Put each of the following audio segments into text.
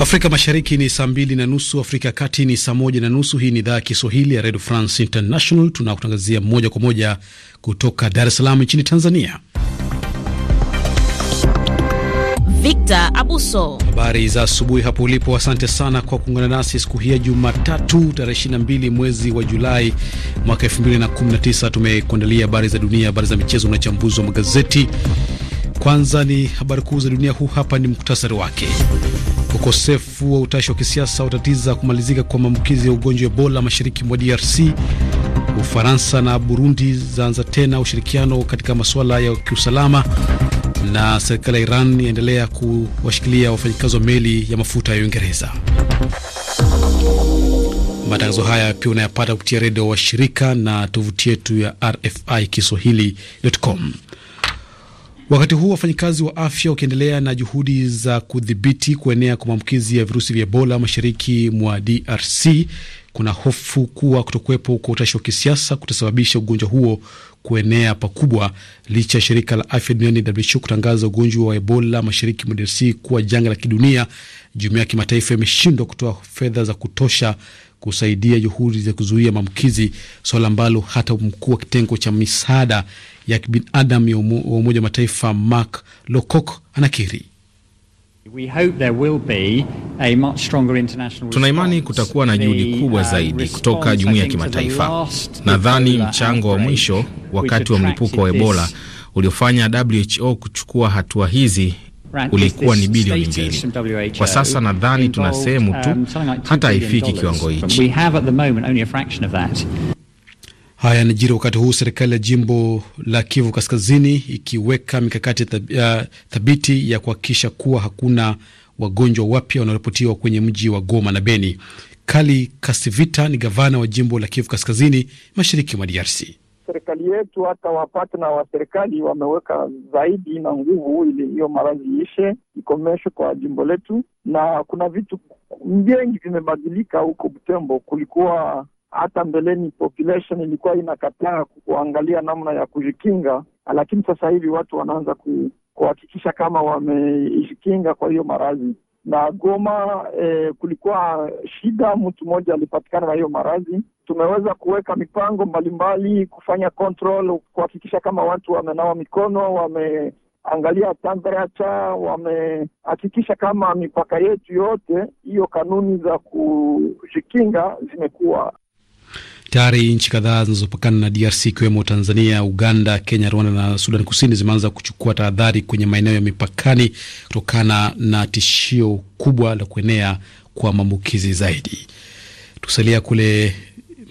Afrika Mashariki ni saa mbili na nusu, Afrika ya Kati ni saa moja na nusu. Hii ni idhaa ya Kiswahili ya Redio France International, tunakutangazia moja kwa moja kutoka Dar es Salaam nchini Tanzania. Victor Abuso, habari za asubuhi hapo ulipo. Asante sana kwa kuungana nasi siku hii ya Jumatatu, tarehe 22 mwezi wa Julai mwaka 2019. Tumekuandalia habari za dunia, habari za michezo na uchambuzi wa magazeti kwanza ni habari kuu za dunia, huu hapa ni muktasari wake. Ukosefu wa utashi wa kisiasa utatiza kumalizika kwa maambukizi ya ugonjwa wa Ebola mashariki mwa DRC. Ufaransa na Burundi zaanza tena ushirikiano katika masuala ya kiusalama, na serikali ya Iran yaendelea kuwashikilia wafanyikazi wa meli ya mafuta ya Uingereza. Matangazo haya pia unayapata kupitia redio washirika na tovuti yetu ya RFI Kiswahili.com. Wakati huu wafanyakazi wa afya wakiendelea na juhudi za kudhibiti kuenea kwa maambukizi ya virusi vya Ebola mashariki mwa DRC, kuna hofu kuwa kutokuwepo kwa utashi wa kisiasa kutasababisha ugonjwa huo kuenea pakubwa, licha ya shirika la afya duniani WHO kutangaza ugonjwa wa Ebola mashariki mwa DRC kuwa janga la kidunia. Jumuiya ya kimataifa imeshindwa kutoa fedha za kutosha kusaidia juhudi za kuzuia maambukizi, swala ambalo hata mkuu wa kitengo cha misaada ya kibinadam ya Umoja wa Mataifa Mark Lowcock anakiri. tunaimani kutakuwa na juhudi kubwa uh, zaidi kutoka jumuiya ya kimataifa. Nadhani mchango wa mwisho wakati wa mlipuko wa Ebola uliofanya WHO kuchukua hatua hizi ulikuwa ni bilioni mbili. Kwa sasa nadhani tuna sehemu um, tu hata haifiki kiwango hichi. Haya yanajiri wakati huu serikali ya jimbo la Kivu Kaskazini ikiweka mikakati thabiti ya kuhakikisha kuwa hakuna wagonjwa wapya wanaoripotiwa kwenye mji wa Goma na Beni. Kali Kasivita ni gavana wa jimbo la Kivu Kaskazini, mashariki mwa DRC serikali yetu hata wapatna wa serikali wameweka zaidi na nguvu, ili hiyo maradhi ishe ikomeshwe kwa jimbo letu, na kuna vitu vingi vimebadilika huko Butembo. Kulikuwa hata mbeleni population ilikuwa inakataa kuangalia namna ya kujikinga, lakini sasa hivi watu wanaanza kuhakikisha kama wamejikinga kwa hiyo maradhi na Goma eh, kulikuwa shida, mtu mmoja alipatikana na hiyo maradhi. Tumeweza kuweka mipango mbalimbali mbali, kufanya control, kuhakikisha kama watu wamenawa mikono, wameangalia temperature, wamehakikisha kama mipaka yetu yote, hiyo kanuni za kujikinga zimekuwa Tayari nchi kadhaa zinazopakana na DRC ikiwemo Tanzania, Uganda, Kenya, Rwanda na Sudan Kusini zimeanza kuchukua tahadhari kwenye maeneo ya mipakani kutokana na tishio kubwa la kuenea kwa maambukizi zaidi. Tukisalia kule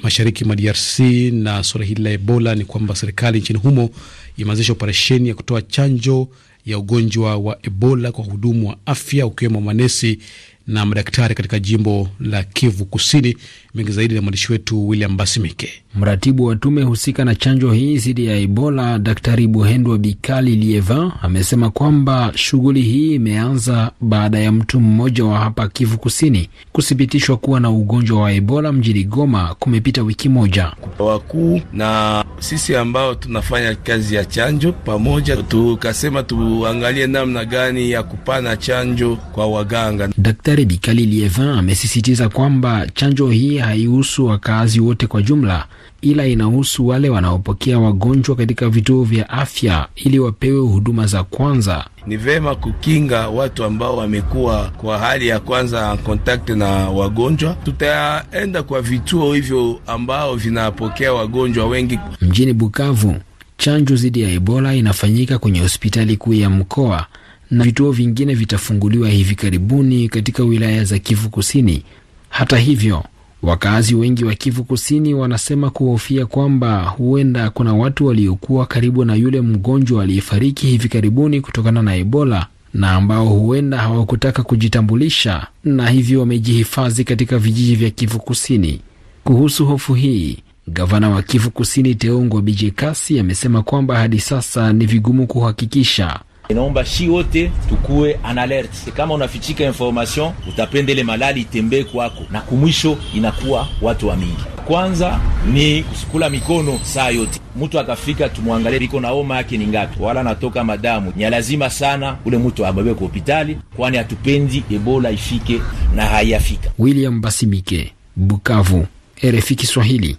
mashariki mwa DRC na suala hili la Ebola, ni kwamba serikali nchini humo imeanzisha operesheni ya kutoa chanjo ya ugonjwa wa Ebola kwa wahudumu wa afya, ukiwemo manesi na madaktari katika jimbo la Kivu Kusini mengi zaidi na mwandishi wetu William Basimike. Mratibu wa tume husika na chanjo hii dhidi ya Ebola, Daktari Buhendwa Bikali Lievin amesema kwamba shughuli hii imeanza baada ya mtu mmoja wa hapa Kivu Kusini kuthibitishwa kuwa na ugonjwa wa Ebola mjini Goma, kumepita wiki moja. Wakuu na sisi ambao tunafanya kazi ya chanjo pamoja, tukasema tuangalie namna gani ya kupana chanjo kwa waganga. Daktari Bikali Lievin amesisitiza kwamba chanjo hii haihusu wakazi wote kwa jumla, ila inahusu wale wanaopokea wagonjwa katika vituo vya afya ili wapewe huduma za kwanza. Ni vema kukinga watu ambao wamekuwa kwa hali ya kwanza kontakti na wagonjwa. Tutaenda kwa vituo hivyo ambao vinapokea wagonjwa wengi. Mjini Bukavu, chanjo dhidi ya Ebola inafanyika kwenye hospitali kuu ya mkoa na vituo vingine vitafunguliwa hivi karibuni katika wilaya za Kivu Kusini. Hata hivyo Wakazi wengi wa Kivu Kusini wanasema kuhofia kwamba huenda kuna watu waliokuwa karibu na yule mgonjwa aliyefariki hivi karibuni kutokana na Ebola na ambao huenda hawakutaka kujitambulisha na hivyo wamejihifadhi katika vijiji vya Kivu Kusini. Kuhusu hofu hii, gavana wa Kivu Kusini Teongwa Bijekasi amesema kwamba hadi sasa ni vigumu kuhakikisha Inaomba shi wote tukuwe analert, kama unafichika information utapendele malali itembee kwako, na kumwisho inakuwa watu wa mingi. Kwanza ni kusukula mikono saa yote, mtu akafika tumwangalie iko na homa yake ni ngapi, wala natoka madamu. Ni lazima sana ule mtu ababe kwa hospitali, kwani hatupendi ebola ifike na haiyafika. William Basimike, Bukavu, RFI Kiswahili.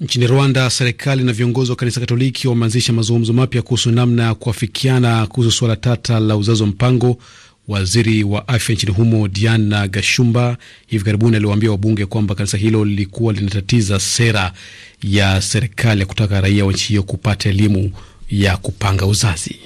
Nchini Rwanda, serikali na viongozi wa kanisa Katoliki wameanzisha mazungumzo mapya kuhusu namna ya kuafikiana kuhusu suala tata la uzazi wa mpango. Waziri wa afya nchini humo Diana Gashumba hivi karibuni aliwaambia wabunge kwamba kanisa hilo lilikuwa linatatiza sera ya serikali ya kutaka raia wa nchi hiyo kupata elimu ya kupanga uzazi.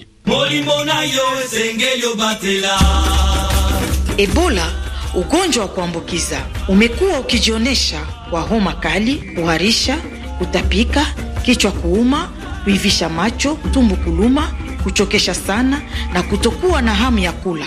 Ebola, ugonjwa wa kuambukiza umekuwa ukijionyesha kwa homa kali, kuharisha kutapika, kichwa kuuma, kuivisha macho, tumbo kuluma, kuchokesha sana na kutokuwa na hamu ya kula.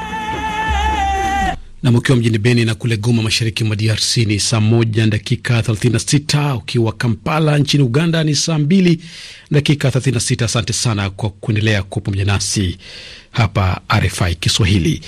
Nam, ukiwa mjini Beni na kule Goma, mashariki mwa DRC ni saa moja dakika 36. Ukiwa Kampala nchini Uganda ni saa mbili dakika 36. Asante sana kwa kuendelea kuwa pamoja nasi hapa RFI Kiswahili.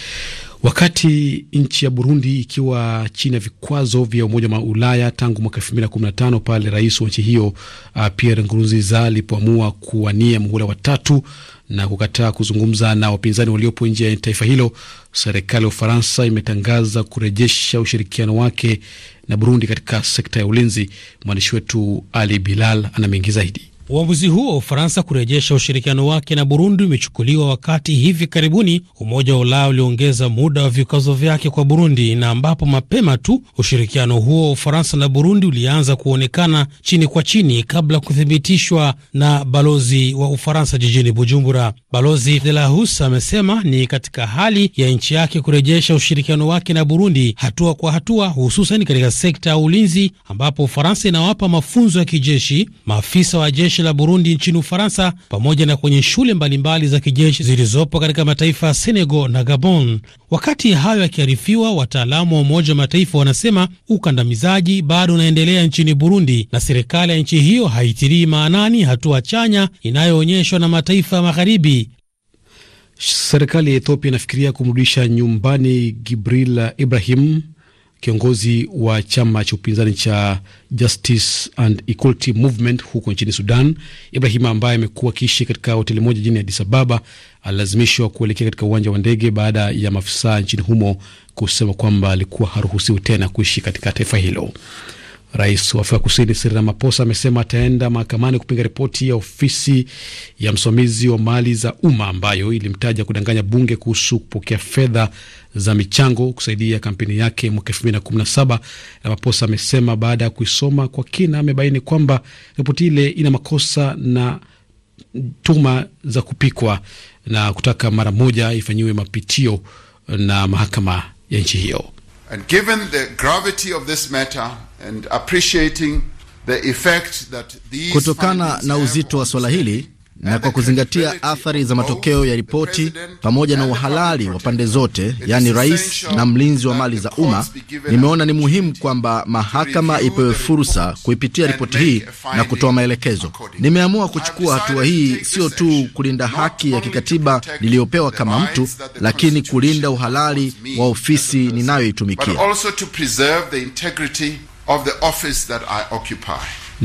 Wakati nchi ya Burundi ikiwa chini ya vikwazo vya Umoja wa Ulaya tangu mwaka elfu mbili na kumi na tano pale rais wa nchi hiyo uh, Pierre Nkurunziza alipoamua kuwania muhula wa tatu na kukataa kuzungumza na wapinzani waliopo nje ya taifa hilo, serikali ya Ufaransa imetangaza kurejesha ushirikiano wake na Burundi katika sekta ya ulinzi. Mwandishi wetu Ali Bilal ana mengi zaidi. Uamuzi huo wa Ufaransa kurejesha ushirikiano wake na Burundi umechukuliwa wakati hivi karibuni Umoja wa Ulaya uliongeza muda wa vikwazo vyake kwa Burundi, na ambapo mapema tu ushirikiano huo wa Ufaransa na Burundi ulianza kuonekana chini kwa chini kabla ya kuthibitishwa na balozi wa Ufaransa jijini Bujumbura. Balozi de la Hus amesema ni katika hali ya nchi yake kurejesha ushirikiano wake na Burundi hatua kwa hatua, hususan katika sekta ya ulinzi, ambapo Ufaransa inawapa mafunzo ya kijeshi maafisa wa jeshi jeshi la Burundi nchini Ufaransa pamoja na kwenye shule mbalimbali za kijeshi zilizopo katika mataifa ya Senegal na Gabon. Wakati hayo yakiarifiwa, wataalamu wa Umoja wa Mataifa wanasema ukandamizaji bado unaendelea nchini Burundi na serikali ya nchi hiyo haitilii maanani hatua chanya inayoonyeshwa na mataifa ya magharibi. Serikali ya Ethiopia inafikiria kumrudisha nyumbani Gibril Ibrahim kiongozi wa chama cha upinzani cha Justice and Equality Movement huko nchini Sudan. Ibrahima ambaye amekuwa akiishi katika hoteli moja jijini Addis Ababa alilazimishwa kuelekea katika uwanja wa ndege baada ya maafisa nchini humo kusema kwamba alikuwa haruhusiwi tena kuishi katika taifa hilo. Rais wa Afrika Kusini Cyril Ramaphosa amesema ataenda mahakamani kupinga ripoti ya ofisi ya msimamizi wa mali za umma ambayo ilimtaja kudanganya bunge kuhusu kupokea fedha za michango kusaidia kampeni yake mwaka elfu mbili na kumi na saba. Ramaphosa amesema baada ya kuisoma kwa kina amebaini kwamba ripoti ile ina makosa na tuma za kupikwa na kutaka mara moja ifanyiwe mapitio na mahakama ya nchi hiyo. And given the gravity of this matter and appreciating the effect that these, kutokana na uzito wa swala hili na kwa kuzingatia athari za matokeo ya ripoti pamoja na uhalali wa pande zote, yaani rais na mlinzi wa mali za umma, nimeona ni muhimu kwamba mahakama ipewe fursa kuipitia ripoti hii na kutoa maelekezo. Nimeamua kuchukua hatua hii sio tu kulinda haki ya kikatiba niliyopewa kama mtu, lakini kulinda uhalali wa ofisi ninayoitumikia.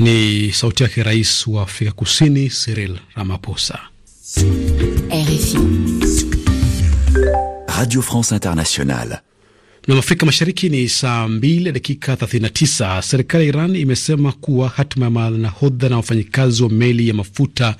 Ni sauti yake rais wa Afrika Kusini Cyril Ramaphosa. RFI Radio France Internationale. Nam Afrika Mashariki ni saa 2 dakika 39. Serikali ya Iran imesema kuwa hatima ya manahodha na wafanyikazi wa meli ya mafuta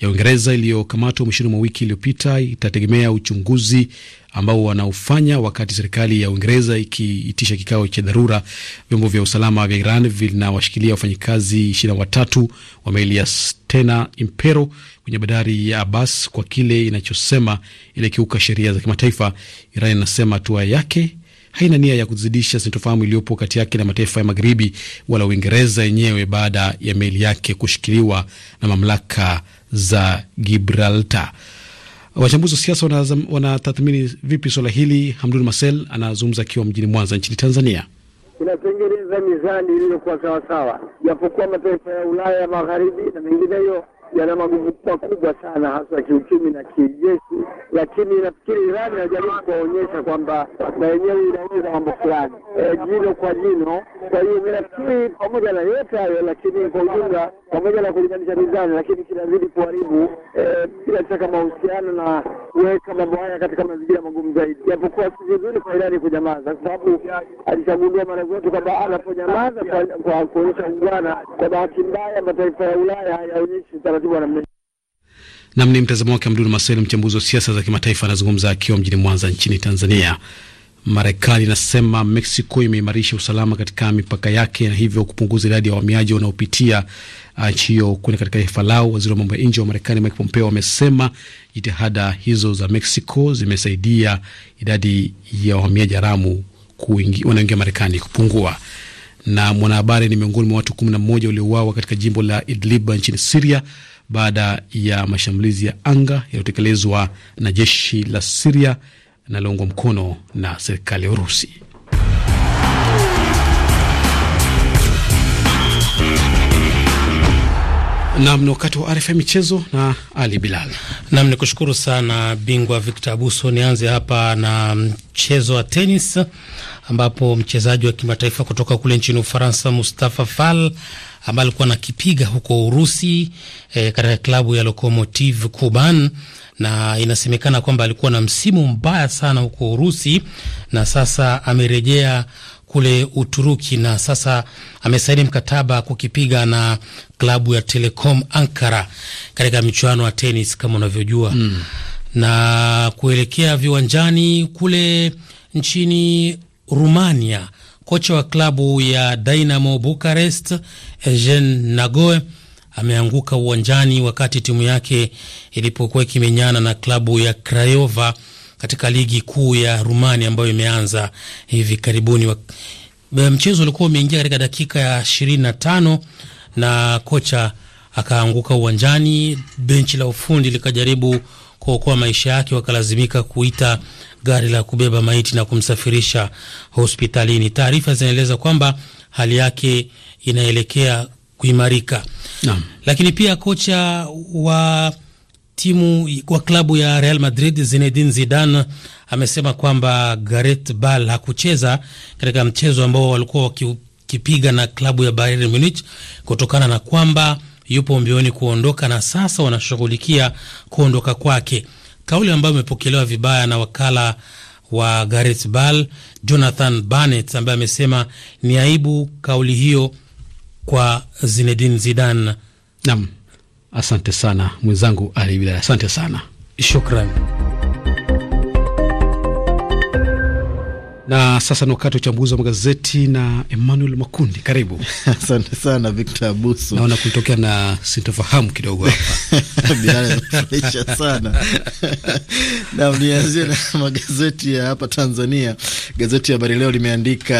ya Uingereza iliyokamatwa mwishoni mwa wiki iliyopita itategemea uchunguzi ambao wanaofanya wakati serikali ya Uingereza ikiitisha kikao cha dharura. Vyombo vya usalama vya Iran vinawashikilia wafanyikazi 23 watatu wa meli ya Stena Impero kwenye bandari ya Abbas kwa kile inachosema ilikiuka sheria za kimataifa. Iran inasema hatua yake haina nia ya kuzidisha sintofahamu iliyopo kati yake na mataifa ya magharibi wala Uingereza yenyewe baada ya meli yake kushikiliwa na mamlaka za Gibraltar. Wachambuzi wa siasa wanatathmini vipi swala hili? Hamdun Masel anazungumza akiwa mjini Mwanza nchini Tanzania. Inatengeneza mizani iliyokuwa sawasawa, japokuwa mataifa ya Ulaya ya magharibi na mengineyo yana magumu makubwa sana hasa kiuchumi na kijeshi, lakini nafikiri Irani inajaribu kuwaonyesha kwamba na yenyewe inaweza mambo fulani e, jino kwa jino. Kwa hiyo mi nafikiri pamoja na yote hayo, lakini kwa ujumla, pamoja na kulinganisha mizani, lakini kinazidi kuharibu e, bila e, shaka mahusiano na kuweka mambo haya katika mazingira magumu zaidi, japokuwa si vizuri kwa Irani kunyamaza, kwa sababu alichaguliwa mara zote kwamba anaponyamaza kwa kuonyesha ungwana. Kwa bahati mbaya, mataifa ya Ulaya hayaonyeshi Nam ni mtazamo wake Abdul Maseli, mchambuzi wa siasa za kimataifa, anazungumza akiwa mjini Mwanza nchini Tanzania. Marekani inasema Mexico imeimarisha usalama katika mipaka yake na hivyo kupunguza idadi ya wahamiaji wanaopitia uh, nchi hiyo kwenda katika taifa lao. Waziri wa mambo ya nje wa Marekani Mike Pompeo amesema jitihada hizo za Mexico zimesaidia idadi ya wahamiaji haramu wanaoingia Marekani kupungua. Na mwanahabari ni miongoni mwa watu kumi na mmoja waliouawa katika jimbo la Idliba nchini Siria baada ya mashambulizi ya anga yaliyotekelezwa na jeshi la Siria linaloungwa mkono na serikali ya Urusi. Nam ni wakati wa arifa michezo na Ali Bilal. Nam ni kushukuru sana bingwa Victor Abuso. Nianze hapa na mchezo wa tenis ambapo mchezaji wa kimataifa kutoka kule nchini Ufaransa Mustafa Fall ambaye alikuwa anakipiga huko Urusi e, katika klabu ya Lokomotiv Kuban na inasemekana kwamba alikuwa na msimu mbaya sana huko Urusi na sasa amerejea kule Uturuki na sasa amesaini mkataba kukipiga na klabu ya Telecom Ankara katika michuano ya tenis kama unavyojua mm. na kuelekea viwanjani kule nchini Rumania. Kocha wa klabu ya Dinamo Bucharest Eugene Nagoe ameanguka uwanjani wakati timu yake ilipokuwa ikimenyana na klabu ya Craiova katika ligi kuu ya Rumania ambayo imeanza hivi karibuni. Eh, mchezo ulikuwa umeingia katika dakika ya 25 na kocha akaanguka uwanjani. Benchi la ufundi likajaribu kuokoa maisha yake, wakalazimika kuita gari la kubeba maiti na kumsafirisha hospitalini. Taarifa zinaeleza kwamba hali yake inaelekea kuimarika. Lakini pia kocha wa timu wa klabu ya Real Madrid Zinedine Zidane amesema kwamba Gareth Bale hakucheza katika mchezo ambao walikuwa wakipiga na klabu ya Bayern Munich kutokana na kwamba yupo mbioni kuondoka na sasa wanashughulikia kuondoka kwake kauli ambayo imepokelewa vibaya na wakala wa Gareth Bale Jonathan Barnett ambaye amesema ni aibu kauli hiyo kwa Zinedine Zidane. Naam, asante sana mwenzangu Ali Bilal, asante sana, shukran. Na sasa ni wakati wa uchambuzi wa magazeti na Emmanuel Makundi, karibu. Asante sana Victor Abuso, naona kulitokea na sintofahamu kidogo hapa sana nam, nianzie na magazeti ya hapa Tanzania. Gazeti ya Habari Leo limeandika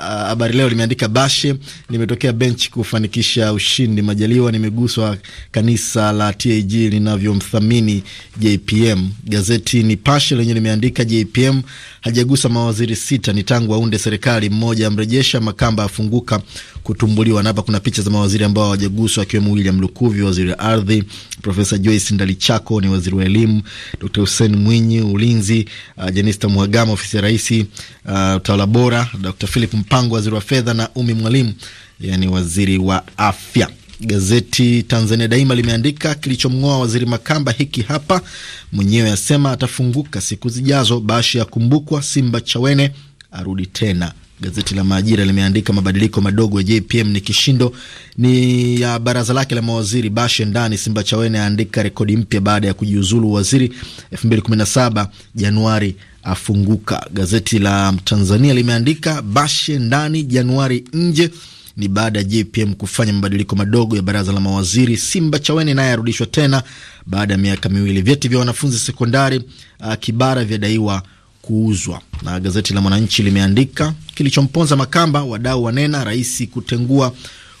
uh, Habari Leo limeandika Bashe, nimetokea benchi kufanikisha ushindi. Majaliwa, nimeguswa kanisa la TAG linavyomthamini JPM. Gazeti Nipashe lenye limeandika JPM hajagusa mawaziri sita, ni tangu aunde serikali, mmoja amrejesha, Makamba afunguka kutumbuliwa. Na hapa kuna picha za mawaziri ambao hawajaguswa, akiwemo William Lukuvi, waziri wa ardhi, Profesa Joyce Ndalichako ni waziri wa elimu, Dr Hussein Mwinyi ulinzi, uh, Jenista Mwagama ofisi ya raisi, uh, utawala bora, Dr Philip Mpango waziri wa fedha na Umi Mwalimu yani waziri wa afya. Gazeti Tanzania Daima limeandika kilichomng'oa waziri Makamba hiki hapa, mwenyewe asema atafunguka siku zijazo. Bashi akumbukwa Simba Chawene arudi tena. Gazeti la Majira limeandika mabadiliko madogo ya JPM ni kishindo, ni ya baraza lake la mawaziri. Bashe ndani, Simba Chawene aandika rekodi mpya baada ya kujiuzulu waziri 2017 Januari afunguka. Gazeti la Tanzania limeandika Bashe ndani, Januari nje ni baada ya JPM kufanya mabadiliko madogo ya baraza la mawaziri. Simba Chawene naye arudishwa tena baada ya miaka miwili. Vyeti vya wanafunzi sekondari uh, Kibara vyadaiwa kuuzwa. Na gazeti la Mwananchi limeandika kilichomponza Makamba, wadau wanena rais kutengua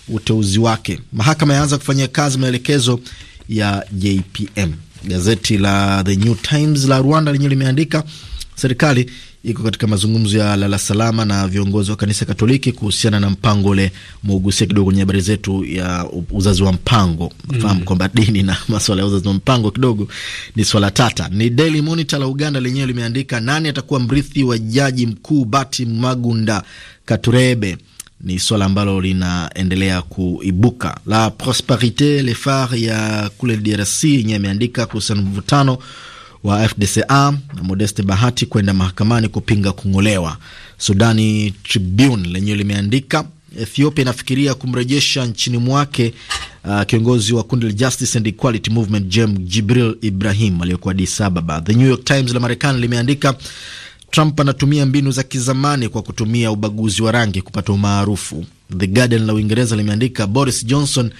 uteuzi wake. Mahakama yaanza kufanyia kazi maelekezo ya JPM. Gazeti la The New Times la Rwanda lenyewe limeandika serikali iko katika mazungumzo ya lala salama na viongozi wa kanisa Katoliki kuhusiana na mpango ule. Muugusia kidogo kwenye habari zetu ya uzazi wa mpango, nafahamu mm, kwamba dini na maswala ya uzazi wa mpango kidogo ni swala tata. Ni Daily Monitor la Uganda lenyewe limeandika nani atakuwa mrithi wa jaji mkuu Bati Magunda Katurebe ni swala ambalo linaendelea kuibuka. La Prosperite Lefar ya kule DRC yenyewe imeandika kuhusiana mvutano wa FDCA na Modeste Bahati kwenda mahakamani kupinga kung'olewa. Sudani Tribune lenyewe limeandika Ethiopia inafikiria kumrejesha nchini mwake uh, kiongozi wa kundi la Justice and Equality Movement Jem Jibril Ibrahim aliyekuwa Addis Ababa. The New York Times la Marekani limeandika Trump anatumia mbinu za kizamani kwa kutumia ubaguzi wa rangi kupata umaarufu. The Guardian la Uingereza limeandika Boris Johnson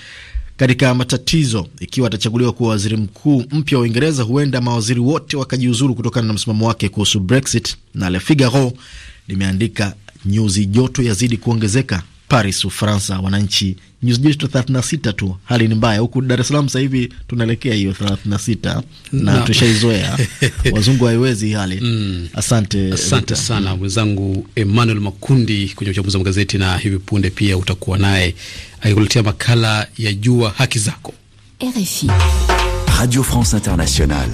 katika matatizo. Ikiwa atachaguliwa kuwa waziri mkuu mpya wa Uingereza, huenda mawaziri wote wakajiuzuru kutokana na msimamo wake kuhusu Brexit, na Le Figaro limeandika nyuzi joto yazidi kuongezeka Paris, Ufaransa. Wananchi nyuzi joto 36 tu, hali ni mbaya huku Dar es Salaam. Sasa hivi tunaelekea hiyo 36 na no. tushaizoea wazungu haiwezi hali mm. Asante, asante Rita. sana mwenzangu mm. Emmanuel Makundi kwenye uchambuzi wa magazeti, na hivi punde pia utakuwa naye akikuletea makala ya Jua Haki Zako, RFI Radio France Internationale.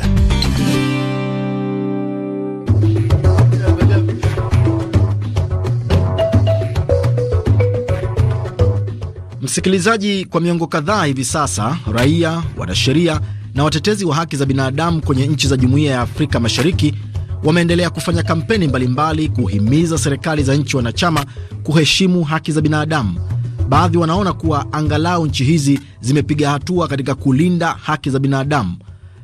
Msikilizaji, kwa miongo kadhaa hivi sasa, raia, wanasheria na watetezi wa haki za binadamu kwenye nchi za Jumuiya ya Afrika Mashariki wameendelea kufanya kampeni mbalimbali kuhimiza serikali za nchi wanachama kuheshimu haki za binadamu. Baadhi wanaona kuwa angalau nchi hizi zimepiga hatua katika kulinda haki za binadamu,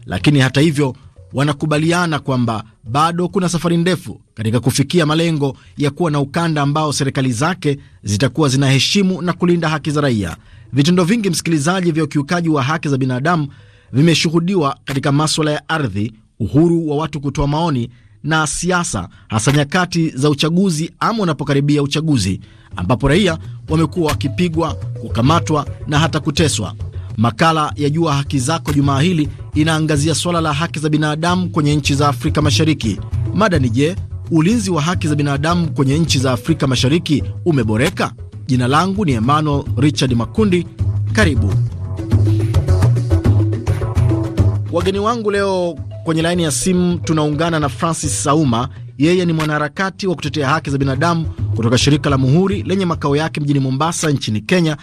lakini hata hivyo wanakubaliana kwamba bado kuna safari ndefu katika kufikia malengo ya kuwa na ukanda ambao serikali zake zitakuwa zinaheshimu na kulinda haki za raia. Vitendo vingi, msikilizaji, vya ukiukaji wa haki za binadamu vimeshuhudiwa katika maswala ya ardhi, uhuru wa watu kutoa maoni na siasa, hasa nyakati za uchaguzi ama unapokaribia uchaguzi, ambapo raia wamekuwa wakipigwa, kukamatwa na hata kuteswa. Makala ya Jua Haki Zako jumaa hili inaangazia suala la haki za binadamu kwenye nchi za Afrika Mashariki. Mada ni je, ulinzi wa haki za binadamu kwenye nchi za Afrika Mashariki umeboreka? Jina langu ni Emmanuel Richard Makundi. Karibu wageni wangu. Leo kwenye laini ya simu tunaungana na Francis Sauma. Yeye ni mwanaharakati wa kutetea haki za binadamu kutoka shirika la Muhuri lenye makao yake mjini Mombasa nchini Kenya,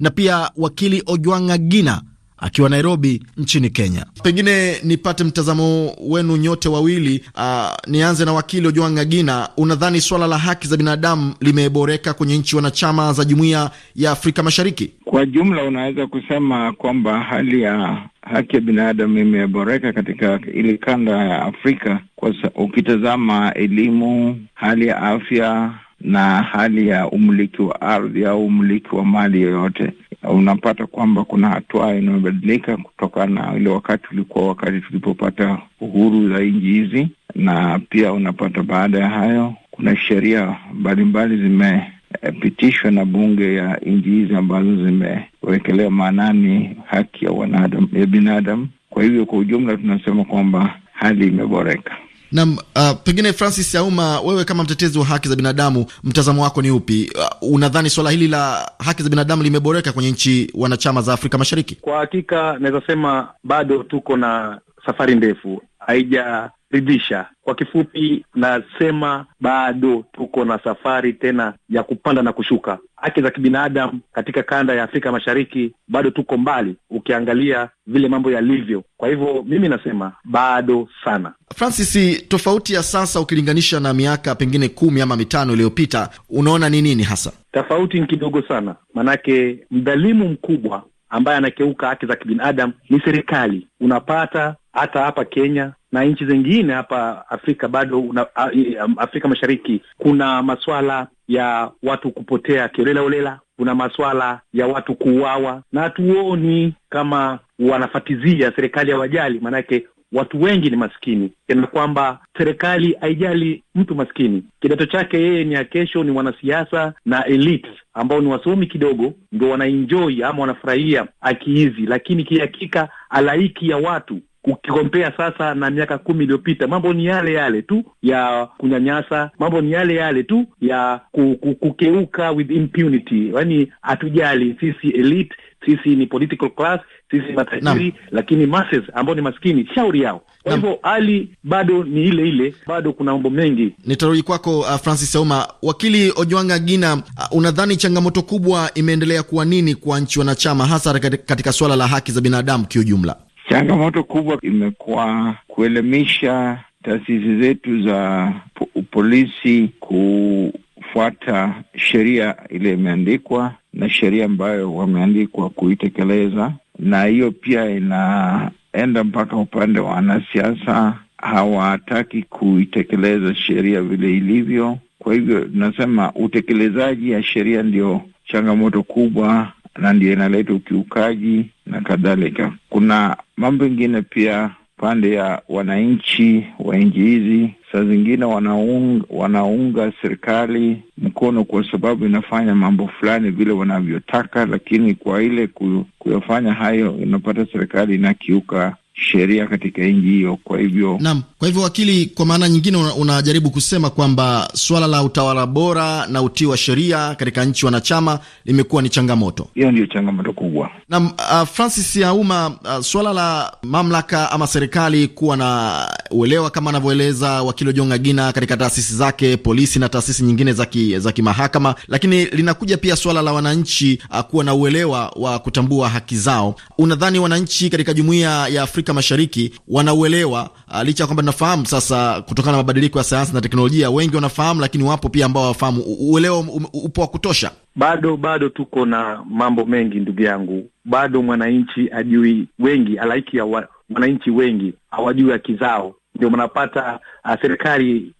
na pia wakili Ojwanga Gina akiwa Nairobi nchini Kenya. Pengine nipate mtazamo wenu nyote wawili. Uh, nianze na wakili Ojwanga Gina, unadhani swala la haki za binadamu limeboreka kwenye nchi wanachama za jumuiya ya Afrika Mashariki kwa jumla? Unaweza kusema kwamba hali ya haki ya binadamu imeboreka katika ile kanda ya Afrika kwa ukitazama elimu, hali ya afya na hali ya umiliki wa ardhi au umiliki wa mali yoyote, unapata kwamba kuna hatua inayobadilika kutokana na ile wakati ulikuwa wakati tulipopata uhuru za nchi hizi, na pia unapata baada ya hayo kuna sheria mbalimbali zimepitishwa na bunge ya nchi hizi ambazo zimewekelea maanani haki ya wanadamu, ya binadamu. Kwa hivyo, kwa ujumla tunasema kwamba hali imeboreka. Na uh, pengine Francis Auma, wewe kama mtetezi wa haki za binadamu, mtazamo wako ni upi? Uh, unadhani swala hili la haki za binadamu limeboreka kwenye nchi wanachama za Afrika Mashariki? Kwa hakika naweza sema bado tuko na safari ndefu, haijaridhisha. Kwa kifupi, nasema bado tuko na safari tena ya kupanda na kushuka haki za kibinadamu katika kanda ya Afrika Mashariki bado tuko mbali, ukiangalia vile mambo yalivyo. Kwa hivyo mimi nasema bado sana. Francis, tofauti ya sasa ukilinganisha na miaka pengine kumi ama mitano iliyopita, unaona ni nini hasa? Tofauti ni kidogo sana, manake mdhalimu mkubwa ambaye anakeuka haki za kibinadamu ni serikali. Unapata hata hapa Kenya na nchi zingine hapa Afrika bado una, Afrika Mashariki kuna maswala ya watu kupotea kiolela olela, kuna maswala ya watu kuuawa, na hatuoni kama wanafatizia serikali ya wajali, maanake watu wengi ni maskini, kana kwamba serikali haijali mtu maskini. Kidato chake yeye ni akesho, ni wanasiasa na elite ambao ni wasomi kidogo, ndo wanaenjoi ama wanafurahia haki hizi, lakini kihakika halaiki ya watu ukikompea sasa na miaka kumi iliyopita, mambo ni yale yale tu ya kunyanyasa, mambo ni yale yale tu ya kukeuka with impunity. Yaani hatujali sisi elite, sisi ni political class, sisi matajiri, lakini masses ambao ni maskini, shauri yao. Kwa hivyo hali bado ni ile ile, bado kuna mambo mengi. Nitarudi kwako uh, Francis Auma. Wakili Ojwanga Gina, uh, unadhani changamoto kubwa imeendelea kuwa nini kwa nchi wanachama, hasa katika, katika suala la haki za binadamu kiujumla? Changamoto kubwa imekuwa kuelimisha taasisi zetu za polisi kufuata sheria ile imeandikwa na sheria ambayo wameandikwa kuitekeleza, na hiyo pia inaenda mpaka upande wa wanasiasa, hawataki kuitekeleza sheria vile ilivyo. Kwa hivyo tunasema utekelezaji ya sheria ndio changamoto kubwa na ndio inaleta ukiukaji na kadhalika. Kuna mambo ingine pia pande ya wananchi wa nchi hizi, saa zingine wanaunga, wanaunga serikali mkono kwa sababu inafanya mambo fulani vile wanavyotaka, lakini kwa ile kuyafanya hayo, unapata serikali inakiuka sheria katika nchi hiyo. Kwa hivyo naam, kwa hivyo wakili, kwa maana nyingine unajaribu una kusema kwamba swala la utawala bora na utii wa sheria katika nchi wanachama limekuwa ni changamoto. Hiyo ndiyo changamoto kubwa. Naam, uh, Francis Yauma, uh, swala la mamlaka ama serikali kuwa na uelewa kama anavyoeleza wakili Ojonga Gina katika taasisi zake, polisi na taasisi nyingine za kimahakama, lakini linakuja pia swala la wananchi uh, kuwa na uelewa wa kutambua haki zao. Unadhani wananchi katika jumuiya ya Afrika Afrika Mashariki wanauelewa, ah, licha ya kwamba tunafahamu sasa kutokana na mabadiliko ya sayansi na teknolojia, wengi wanafahamu, lakini wapo pia ambao hawafahamu. Uelewa um-, upo wa kutosha? Bado bado tuko na mambo mengi, ndugu yangu, bado mwananchi ajui, wengi alaiki ya wa, wengi hawajui haki zao, ndio wanapata ah, serikali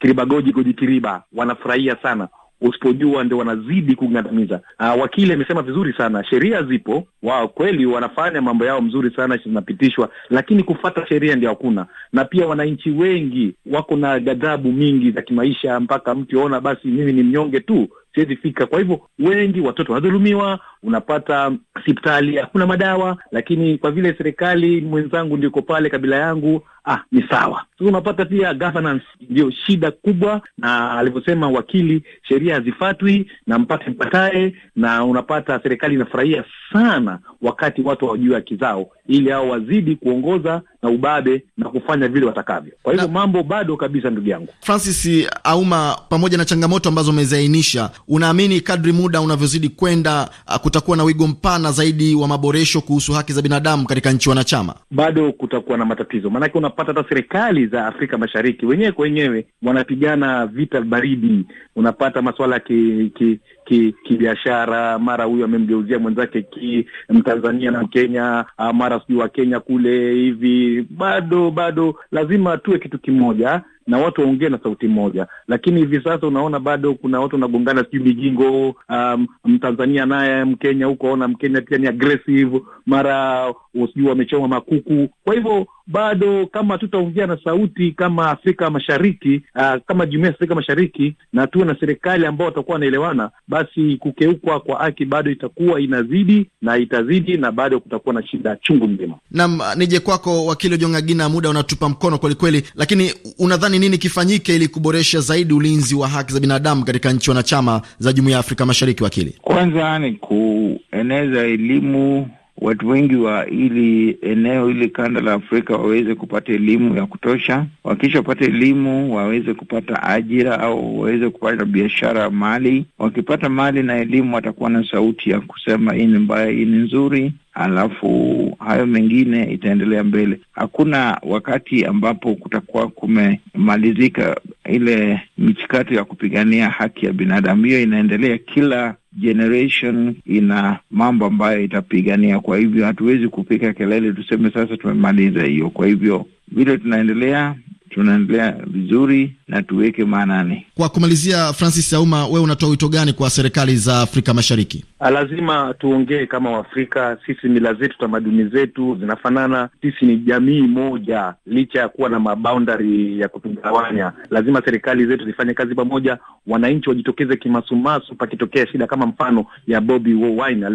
kiriba goji goji kiriba, wanafurahia sana usipojua ndio wanazidi kugandamiza. Uh, ah, wakili amesema vizuri sana, sheria zipo, wao kweli wanafanya mambo yao mzuri sana, zinapitishwa, lakini kufata sheria ndio hakuna. Na pia wananchi wengi wako na ghadhabu mingi za kimaisha, mpaka mtu aona basi mimi ni mnyonge tu siwezi fika. Kwa hivyo wengi watoto wanadhulumiwa, unapata hospitali hakuna madawa, lakini kwa vile serikali mwenzangu ndiko pale kabila yangu ah, ni sawa. Sasa unapata pia governance ndio shida kubwa, na alivyosema wakili, sheria hazifatwi na mpate mpatae, na unapata serikali inafurahia sana wakati watu hawajui haki zao, ili hao wazidi kuongoza na ubabe na kufanya vile watakavyo. Kwa hivyo mambo bado kabisa, ndugu yangu Francis Auma, pamoja na changamoto ambazo umeziainisha, unaamini kadri muda unavyozidi kwenda ah, kutakuwa na wigo mpana zaidi wa maboresho kuhusu haki za binadamu katika nchi wanachama? Bado kutakuwa na matatizo maanake unapata hata serikali za Afrika Mashariki wenyewe kwa wenyewe wanapigana vita baridi. Unapata masuala ki, ki, ki, kibiashara, mara huyu amemgeuzia mwenzake ki Mtanzania na Mkenya, mara sijui wa Kenya kule hivi. Bado bado lazima tuwe kitu kimoja na watu waongee na sauti moja, lakini hivi sasa unaona bado kuna watu wanagongana, sijui mijingo. Um, Mtanzania naye Mkenya huko, aona Mkenya pia ni aggressive mara sijui wamechoma makuku. Kwa hivyo bado kama tutaongea na sauti kama Afrika Mashariki uh, kama jumuiya ya Afrika Mashariki na tuwe na serikali ambao watakuwa wanaelewana, basi kukeukwa kwa haki bado itakuwa inazidi na itazidi, na bado kutakuwa na shida chungu mzima. Nam nije kwako wakili jongagina muda unatupa mkono kwelikweli, lakini unadhani nini kifanyike ili kuboresha zaidi ulinzi wa haki za binadamu katika nchi wanachama za jumuiya ya Afrika Mashariki? Wakili, kwanza ni kueneza elimu watu wengi wa ili eneo, ili kanda la Afrika waweze kupata elimu ya kutosha. Wakishapata elimu, waweze kupata ajira au waweze kupata biashara mali. Wakipata mali na elimu, watakuwa na sauti ya kusema hii ni mbaya, hii ni nzuri, alafu hayo mengine itaendelea mbele. Hakuna wakati ambapo kutakuwa kumemalizika ile michikato ya kupigania haki ya binadamu. Hiyo inaendelea kila generation ina mambo ambayo itapigania. Kwa hivyo hatuwezi kupiga kelele tuseme sasa tumemaliza hiyo. Kwa hivyo vile tunaendelea tunaendelea vizuri na tuweke maanani. Kwa kumalizia, Francis Auma, wewe unatoa wito gani kwa serikali za Afrika Mashariki? Ah, lazima tuongee kama Waafrika. Sisi mila zetu, tamaduni zetu zinafanana, sisi ni jamii moja, licha ya kuwa na maboundary ya kutugawanya. Lazima serikali zetu zifanye kazi pamoja, wananchi wajitokeze kimasumasu pakitokea shida, kama mfano ya Bobi Wine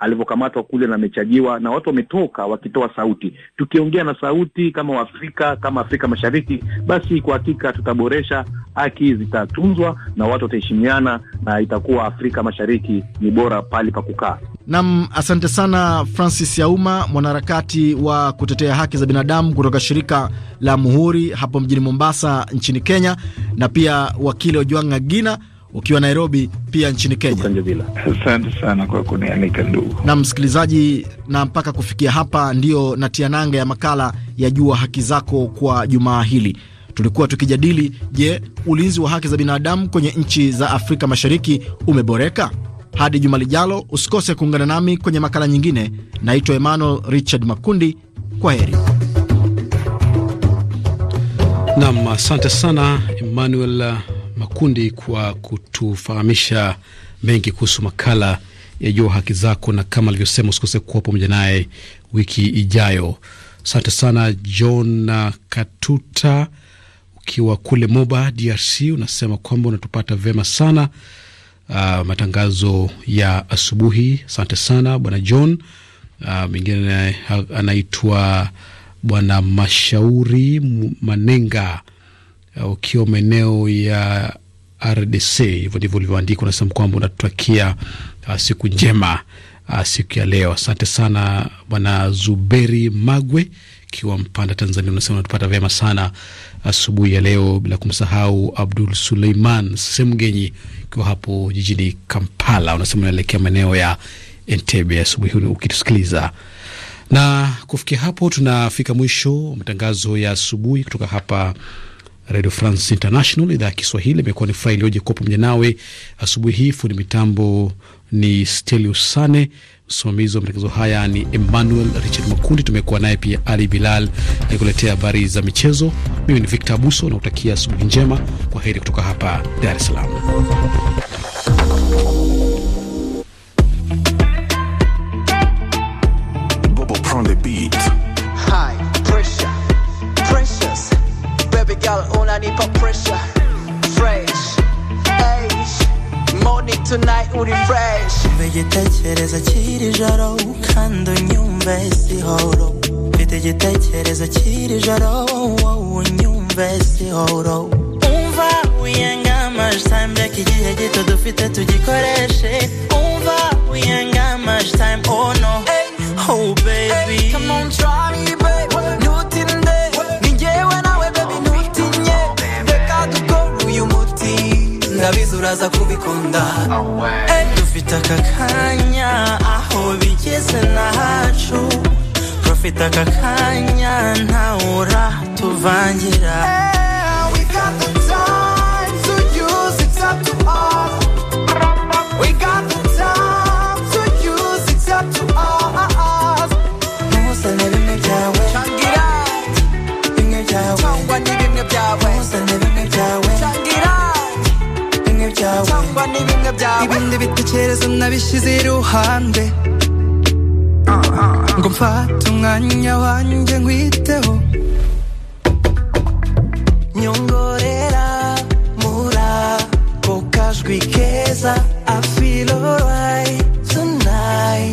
alivyokamatwa kule na amechajiwa, na watu wametoka wakitoa sauti. Tukiongea na sauti kama Waafrika, kama Afrika Mashariki, basi kwa hakika tutaboresha, haki zitatunzwa na watu wataheshimiana, na itakuwa Afrika Mashariki ni bora pahali pa kukaa. Nam, asante sana Francis Yauma, mwanaharakati wa kutetea haki za binadamu kutoka shirika la Muhuri hapo mjini Mombasa nchini Kenya, na pia wakili Juanga Gina ukiwa Nairobi pia nchini Kenya. Asante sana kwa kunialika ndugu na msikilizaji. Na mpaka kufikia hapa, ndiyo natia nanga ya makala ya Jua Haki Zako kwa jumaa hili. Tulikuwa tukijadili, je, ulinzi wa haki za binadamu kwenye nchi za Afrika Mashariki umeboreka? Hadi juma lijalo, usikose kuungana nami kwenye makala nyingine. Naitwa Emmanuel Richard Makundi, kwa heri. Nam, asante sana Emmanuel Makundi kwa kutufahamisha mengi kuhusu makala ya Jua Haki Zako, na kama alivyosema usikose kuwa pamoja naye wiki ijayo. Asante sana John Katuta ukiwa kule Moba, DRC, unasema kwamba unatupata vema sana uh, matangazo ya asubuhi. Asante sana bwana John. Uh, mwingine anaitwa bwana Mashauri Manenga ah, ukiwa uh, maeneo ya RDC. Hivyo ndivyo ulivyoandika. Unasema kwamba unatutakia uh, siku njema uh, siku ya leo. Asante sana bwana Zuberi Magwe ukiwa Mpanda, Tanzania, unasema unatupata vyema sana asubuhi ya leo, bila kumsahau Abdul Suleiman Semgenyi ukiwa hapo jijini Kampala, unasema unaelekea maeneo ya Entebbe asubuhi hii ukitusikiliza. Na kufikia hapo, tunafika mwisho wa matangazo ya asubuhi kutoka hapa Radio France International, idhaa ya Kiswahili. Imekuwa ni furaha iliyoje kuwa pamoja nawe asubuhi hii. Fundi mitambo ni Stelius Sane msimamizi wa matangazo haya ni Emmanuel Richard Makundi. Tumekuwa naye pia Ali Bilal akikuletea habari za michezo. Mimi ni Victor Abuso na asubuhi njema. Kwa heri kutoka hapa Dar es Salaam. pressure tonight uri fresh igitekerezo cy'iri joro kandi unyumve sihoro mfite igitekerezo cy'iri joro wowe unyumve sihoro umva wiyengama time reka igihe gito dufite tugikoreshe umva wiyengama time oh no hey, oh baby hey, come on try me baby ndabizi uraza kubikunda eh, dufite aka kanya aho bigeze nahacu profite aka kanya ntawe uratuvangira eh. Dibinde bitti c'era bishize iruhande ngo mfate umwanya wanjye ngwiteho nyongorera murako kajwi keza afilorwayi tunayi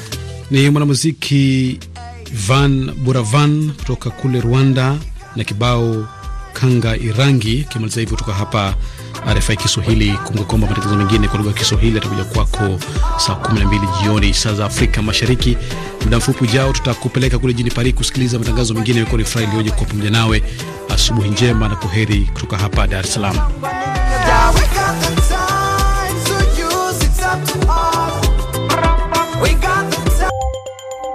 Ni mwanamuziki Van Buravan kutoka kule Rwanda na kibao Kanga Irangi kimaliza hivyo kutoka hapa RFI Kiswahili. Kumbuka kwamba matangazo mengine kwa lugha ya Kiswahili atakuja kwako saa 12 jioni saa za Afrika Mashariki. Muda mfupi ujao tutakupeleka kule jini Paris kusikiliza matangazo mengine. Imekuwa ni furaha iliyoje kuwa pamoja nawe. Asubuhi njema na kuheri kutoka hapa Dar es Salaam.